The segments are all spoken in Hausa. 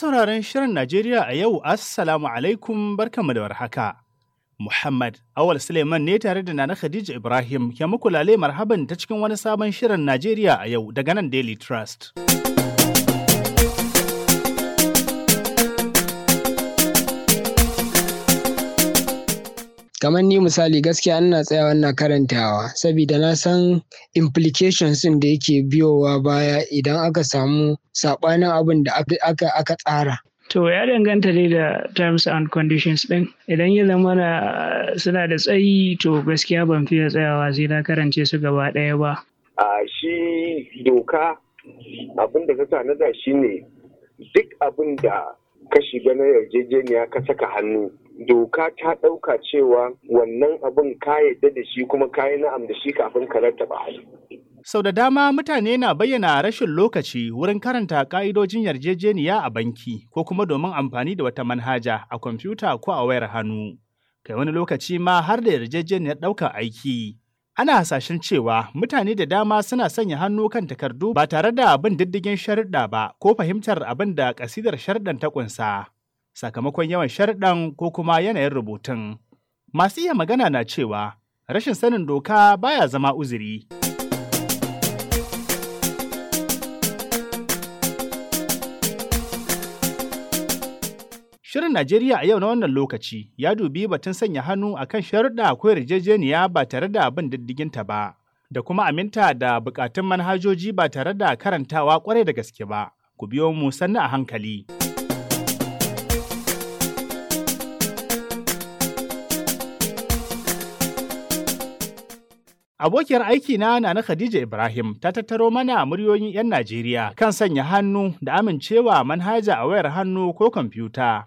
Masu sauraron Shirin Najeriya a yau, Assalamu alaikum barkanmu da warhaka. Muhammad Awal Suleiman ne tare da Nana Khadija Ibrahim ke muku lale marhaban ta cikin wani sabon Shirin Najeriya a yau daga nan Daily Trust. kamar ni misali gaskiya ina tsayawa ina karantawa saboda na san implications ɗin da yake biyowa baya idan aka samu saɓanin abin da aka, aka tsara. To ya danganta dai da terms and conditions ɗin. Idan ya zama na ah, suna da tsayi to gaskiya ban fiye tsayawa sai na karance su gaba ɗaya ba. A shi doka abin da ta tanada shi ne duk abin da kashi na yarjejeniya ka saka hannu doka ta ɗauka cewa wannan abin ka yadda da shi kuma ka yi na'am da shi kafin ka rattaba hannu. Sau da dama mutane na bayyana rashin lokaci wurin karanta ka'idojin yarjejeniya a banki ko kuma domin amfani da wata manhaja a kwamfuta ko a wayar hannu. Kai wani lokaci ma har da yarjejeniyar ɗaukar aiki. ana hasashen cewa mutane da dama suna sanya hannu kan takardu ba tare da abin diddigin sharuɗa ba ko fahimtar abin da ƙasidar sharuɗan ta ƙunsa sakamakon yawan sharuɗan ko kuma yanayin rubutun. Masu iya magana na cewa rashin sanin doka baya zama uzuri. Shirin Najeriya a yau na wannan lokaci ya dubi batun sanya hannu a kan sharuɗa ko yarjejeniya ba tare da bin diddiginta ba, da kuma aminta da buƙatun manhajoji ba tare da karantawa ƙwarai da gaske ba. Ku biyo mu sannu a hankali. Abokiyar aiki na Nana Khadija Ibrahim ta tattaro mana muryoyin 'yan Najeriya kan sanya hannu da amincewa manhaja a wayar hannu ko kwamfuta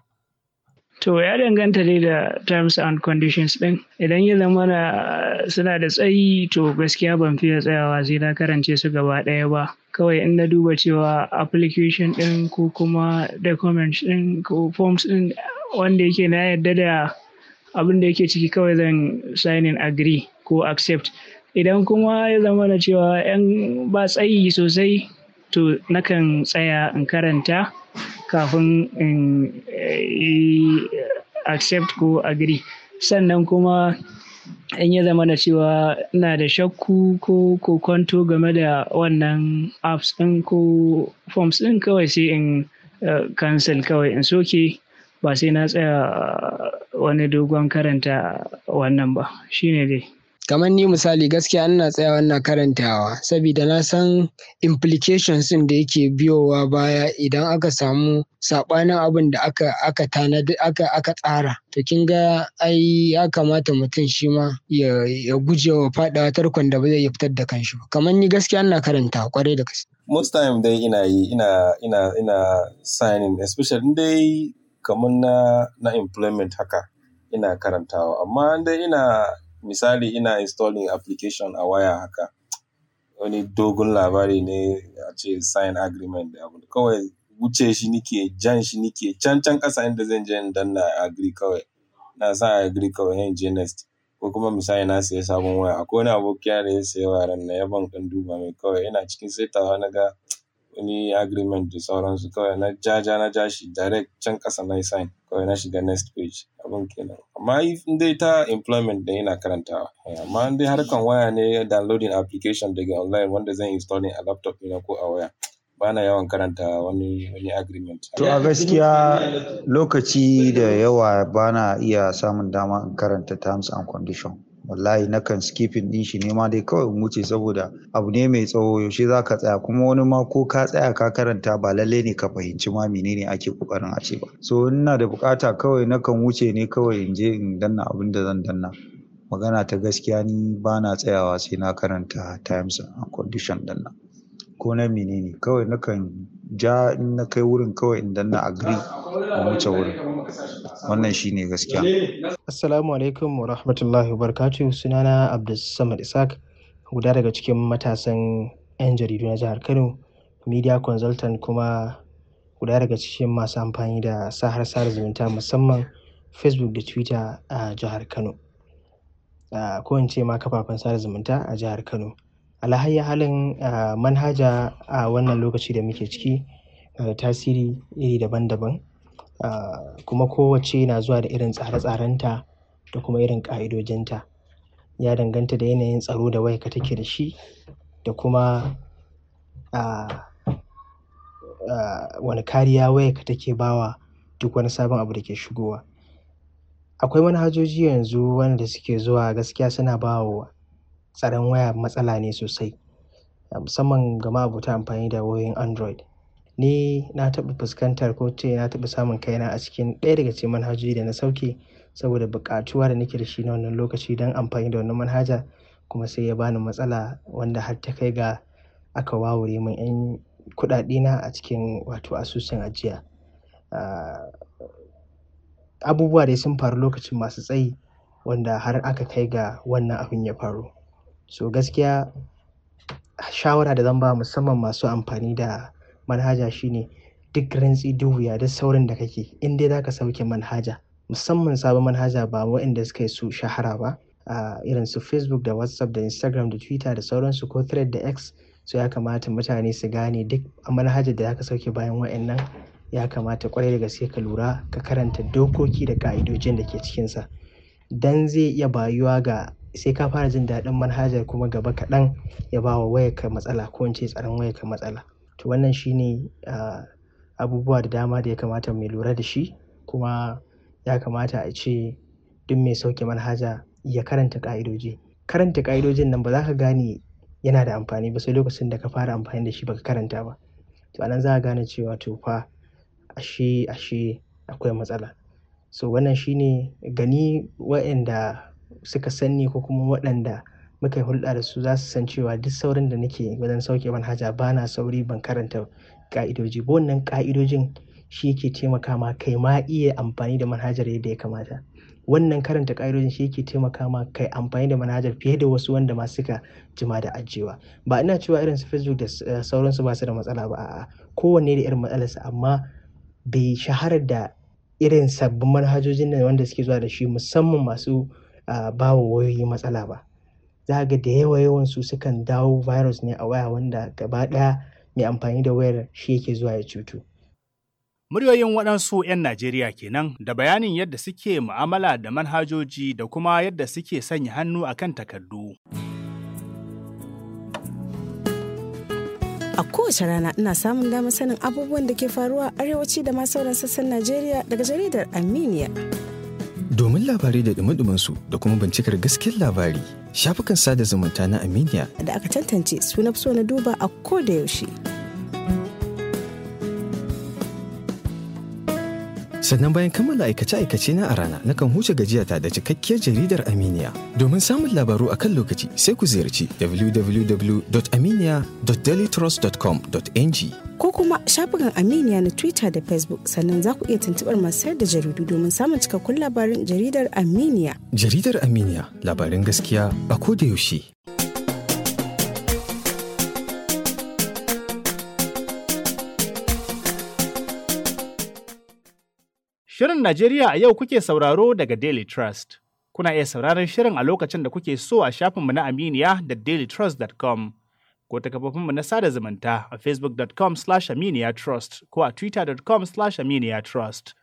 To ya danganta dai da terms and conditions ɗin. Idan ya zama na suna da tsayi to gaskiya ban fiye tsayawa sai na karance su gaba ɗaya ba. Kawai in na duba cewa application ɗin ko kuma documents ɗin ko forms ɗin wanda yake na yarda da abin da yake ciki kawai zan signing agree ko accept. Idan kuma ya zama na cewa 'yan ba tsayi sosai to nakan tsaya in karanta. kafin in yi eh, accept ko agree. Sannan kuma in ya zama da cewa ina da shakku ko kwanto game da wannan apps ɗin ko forms ɗin kawai sai in eh, cancel kawai in soke ba sai na tsaya wani dogon karanta wannan ba. shine ne dai. kamar ni misali gaskiya ina tsayawa ina karantawa sabida na san implications ɗin da yake biyowa baya idan aka samu saɓanin abin da aka aka tanadi aka aka tsara to kin ga ai ya kamata mutum shi ma ya ya gujewa fadawa tarkon da ba zai fitar da kanshi ba kamar ni gaskiya ina karanta kwarai da gaske most time dai ina yi ina ina ina signing especially dai kamar na na employment haka ina karantawa amma dai ina misali ina installing application a waya haka wani dogon labari ne a ce sign agreement da abu kawai wuce shi nike jan shi nike can can ƙasa inda zan je in danna agri kawai na sa agri kawai yan je next ko kuma misali na sayi sabon waya akwai wani abokiya da ya sayi wayar na ya ban kan duba mai kawai ina cikin saitawa na ga wani agreement da sauransu kawai na jaja na ja shi direct can ƙasa na sign kawai na shiga next page abin kenan amma in dai ta employment ne ina karantawa eh, amma in dai harkan waya ne downloading application daga online wanda zan install a laptop ne ko a waya bana yawan karanta wani wani agreement to a gaskiya lokaci da yawa bana iya samun dama in karanta terms and condition wallahi na kan skipping din shi ne ma dai kawai in wuce saboda abu ne mai tsawo yaushe za ka tsaya kuma wani ma ko ka tsaya ka karanta ba lalle ne ka fahimci ma menene ake kokarin a ce ba so ina da bukata kawai na kan wuce ne kawai in je in danna abin da zan danna magana ta gaskiya ni bana tsayawa sai na karanta times and condition din ko na menene kawai na kan ja in na kai wurin kawai in na agree a wuce wurin wannan shine gaskiya assalamu alaikum wa rahmatullahi wa barakatuh sunana abdulsamad isaac guda daga cikin matasan 'yan jaridu na jihar kano media consultant kuma guda daga cikin masu amfani da sahar sada zumunta musamman facebook da twitter a jihar kano ko in ce ma kafafen sada zumunta a jihar kano alahayya halin manhaja a wannan lokaci da muke ciki da tasiri iri daban-daban kuma kowace na zuwa da irin tsare-tsarenta da kuma irin ƙa'idojinta ya danganta da yanayin tsaro da ka take da shi da kuma wani kariya ka take bawa duk wani sabon abu da ke shigowa akwai manhajoji yanzu wanda suke zuwa gaskiya suna ba tsaron waya matsala ne sosai musamman ga ma'abota amfani da wayoyin Android. Ni na taɓa fuskantar ko ce na taɓa samun kaina a cikin ɗaya daga cikin manhajoji da na sauke saboda buƙatuwa da nake da shi na wannan lokaci don amfani da wannan manhaja kuma sai ya bani matsala wanda har ta kai ga aka wawure min 'yan kuɗaɗena a cikin wato asusun ajiya. Abubuwa dai sun faru lokacin masu tsayi wanda har aka kai ga wannan abin ya faru. So gaskiya shawara da zan ba musamman masu amfani da manhaja shine duk rantsi duhu wuya duk saurin da kake in dai ka sauke manhaja musamman sabon manhaja ba waɗanda suka yi su shahara ba a irin su Facebook da WhatsApp da Instagram da Twitter da sauransu ko Thread da X so ya kamata mutane su gane duk a manhaja da zaka sauke bayan waɗannan ya kamata kwarai da gaske ka lura ka karanta dokoki da ƙa'idojin da ke cikinsa dan zai iya bayuwa ga sai ka fara jin daɗin manhajar kuma gaba kaɗan ya ba wa wayarka matsala ko in ce tsaron wayarka matsala to wannan shine ah, abubuwa da dama da ya kamata mu lura da shi kuma ya kamata a ce duk mai sauke manhaja ya karanta ƙa'idoji karanta ƙa'idojin nan ba za ka gane yana da amfani ba sai lokacin da ka fara amfani da shi baka karanta ba to anan za ka gane cewa to fa ashe ashe akwai matsala so wannan shine gani waɗanda suka sanni ko kuma waɗanda muka yi hulɗa da su za su san cewa duk saurin da nake wajen sauke manhaja ba na sauri ban karanta ka'idoji ba wannan ka'idojin shi yake taimaka ma kai ma iya amfani da manhajar yadda ya kamata wannan karanta ka'idojin shi yake taimaka ma kai amfani da manhajar fiye da wasu wanda ma suka jima da ajiyewa ba ina cewa irin su facebook da sauransu ba su da matsala ba a'a kowanne da irin matsalarsa amma bai shahara da irin sabbin manhajojin nan wanda suke zuwa da shi musamman masu ba wa wayoyi matsala ba. Za ga da yawa yawan su sukan dawo virus ne a waya wanda gaba ɗaya mai amfani da wayar shi yake zuwa ya cutu. Muryoyin waɗansu 'yan Najeriya kenan da bayanin yadda suke mu'amala da manhajoji da kuma yadda suke sanya hannu akan takardu. A kowace rana ina samun damar sanin abubuwan da ke faruwa arewaci da ma sauran sassan Najeriya daga jaridar Armenia. Domin labarai da dumi su da kuma bincikar gaskiyar labari, shafukan sada zumunta na Aminiya da aka tantance suna so na duba a ko da yaushe. Sannan bayan kammala aikace-aikace na a rana nakan huce gajiyata da cikakkiyar jaridar Aminiya. Domin samun labaru a kan lokaci sai ku ziyarci www.aminiya.dailytrust.com.ng Ko kuma shafukan Aminiya na Twitter da Facebook sannan za ku iya tuntuɓar masu sayar da jaridu domin samun cikakkun labarin jaridar Aminiya. Jaridar Aminiya labarin gaskiya a ko da yaushe. Shirin Najeriya a yau kuke sauraro daga Daily Trust. Kuna iya sauraron shirin a lokacin da kuke so a shafinmu na Aminiya da dailytrust.com ko ta kafofinmu na sada zumunta a facebook.com aminiyatrust ko a twitter.com aminiyatrust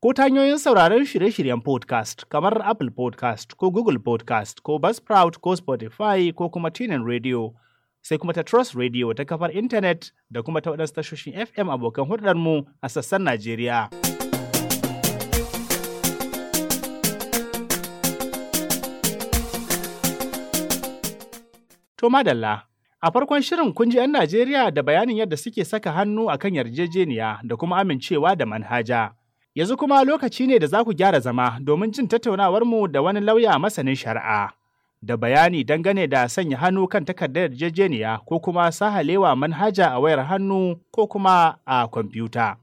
ko ta hanyoyin sauraron shirye-shiryen podcast kamar Apple podcast ko Google podcast ko Buzzsprout ko Spotify ko kuma Tunin Radio sai kuma ta Trust Radio ta kafar intanet da kuma ta waɗansu tashoshin FM abokan hulɗarmu a sassan Najeriya. To madalla, a farkon shirin kun ji 'yan Najeriya da bayanin yadda suke saka hannu a kan yarjejeniya da kuma amincewa da manhaja. Yanzu kuma lokaci ne da za ku gyara zama domin jin tattaunawarmu da wani lauya masanin shari'a. Da bayani dangane da sanya hannu kan takardar yarjejeniya ko kuma sahalewa manhaja a wayar hannu ko kuma a kwamfuta.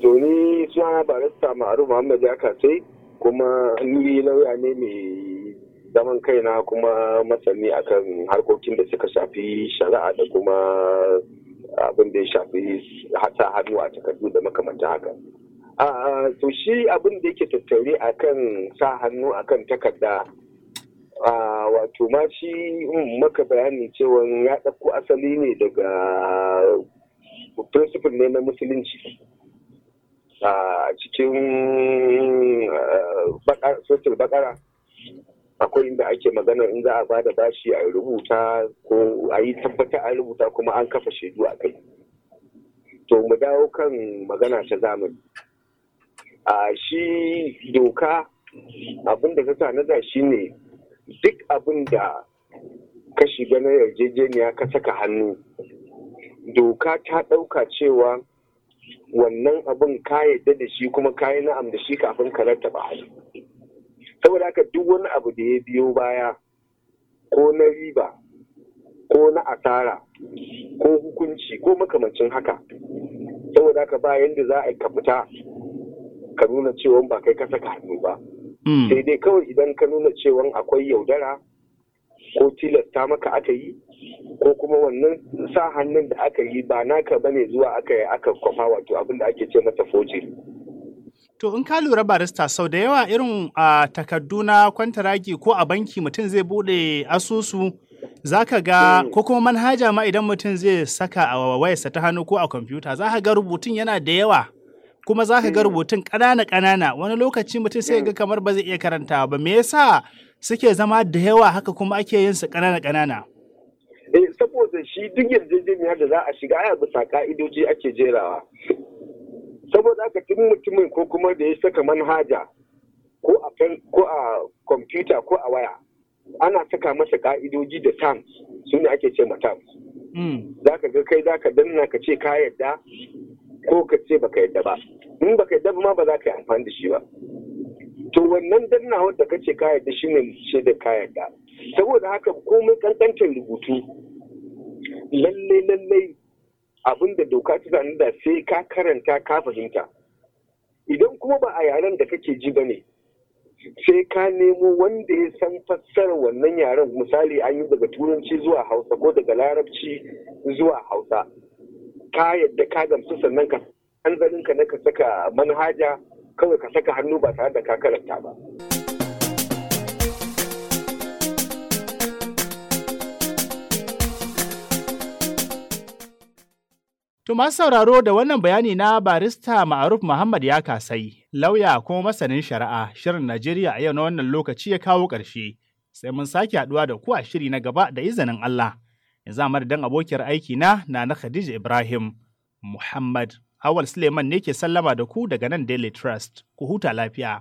Tuni suna barista Ma'aru Muhammad ya kuma ni lauya ne mai zaman kaina kuma masani akan harkokin da suka shafi shari'a da kuma abin da ya shafi hata hannu a takardu da makamanta haka. to shi abin da yake tattaure akan sa hannu akan takarda wato ma shi maka bayani cewa ya ɗauko asali ne daga principle ne na musulunci a cikin bakara akwai inda ake magana in za a ba da bashi a rubuta ko a yi tabbata a rubuta kuma an kafa shaidu a kai to mu dawo kan magana ta zamani a shi doka abin da ta tanada shi ne duk abin da ka shiga na yarjejeniya ka saka hannu doka ta ɗauka cewa wannan abin ka yadda da shi kuma ka yi na'am da shi kafin ka rattaba hannu saboda haka duk wani abu da ya biyo baya ko na riba ko na asara ko hukunci ko makamancin haka saboda haka ba yadda za a yi ka fita ka nuna cewa ba kai ka saka hannu ba hmm. sai dai kawai idan ka nuna cewa akwai yaudara ko tilasta maka aka yi ko kuma wannan sa hannun da aka yi ba naka bane zuwa aka yi aka kwafa wato abin da ake ce mata fojiri To in ka lura barista sau da yawa irin a takardu na kwantaragi ko a banki mutum zai bude asusu za ka ga hmm. ko kuma manhaja ma idan mutum zai saka a wayarsa ta hannu ko a kwamfuta za ka ga rubutun yana da yawa kuma za ka ga hmm. rubutun ƙanana ƙanana wani lokaci mutum sai ga hmm. kamar ba zai iya karanta ba me yasa suke zama da yawa haka kuma ake yin su ƙanana ƙanana. Eh, saboda shi duk yarjejeniyar da za a shiga ya bisa ka'idoji ake jerawa. saboda haka tun mutumin ko kuma da ya saka manhaja ko a kan ko a kwamfuta ko a waya ana saka masa ka'idoji da terms su ne ake ce ma terms hmm. za ka ga kai za ka danna ka ce ka yadda ko ka ce baka yadda ba in baka yadda ma ba za ka yi amfani da shi ba to wannan danna wadda ka ce ka yadda shi ne ce da ka yadda saboda haka komai kankantar rubutu lallai-lallai. abin doka ta zane da sai ka karanta ka fahimta idan kuma ba a yaren da kake ji ba ne sai ka nemo wanda ya san fassarar wannan yaren misali an yi daga turanci zuwa hausa ko daga larabci zuwa hausa ka yadda ka gamsu sannan ka hanzarinka na ka saka manhaja kawai ka saka hannu ba tare da ka karanta ba. To masu sauraro da wannan bayani na barista Ma'aruf Muhammad ya kasai, lauya kuma masanin shari'a shirin Najeriya a yau na wannan lokaci ya kawo ƙarshe. Sai mun sake haɗuwa da ku a shiri na gaba da izinin Allah. Yanzu a dan abokiyar aiki na na na Khadija Ibrahim Muhammad. Awal Suleiman ne ke sallama da ku daga nan Daily Trust. Ku huta lafiya.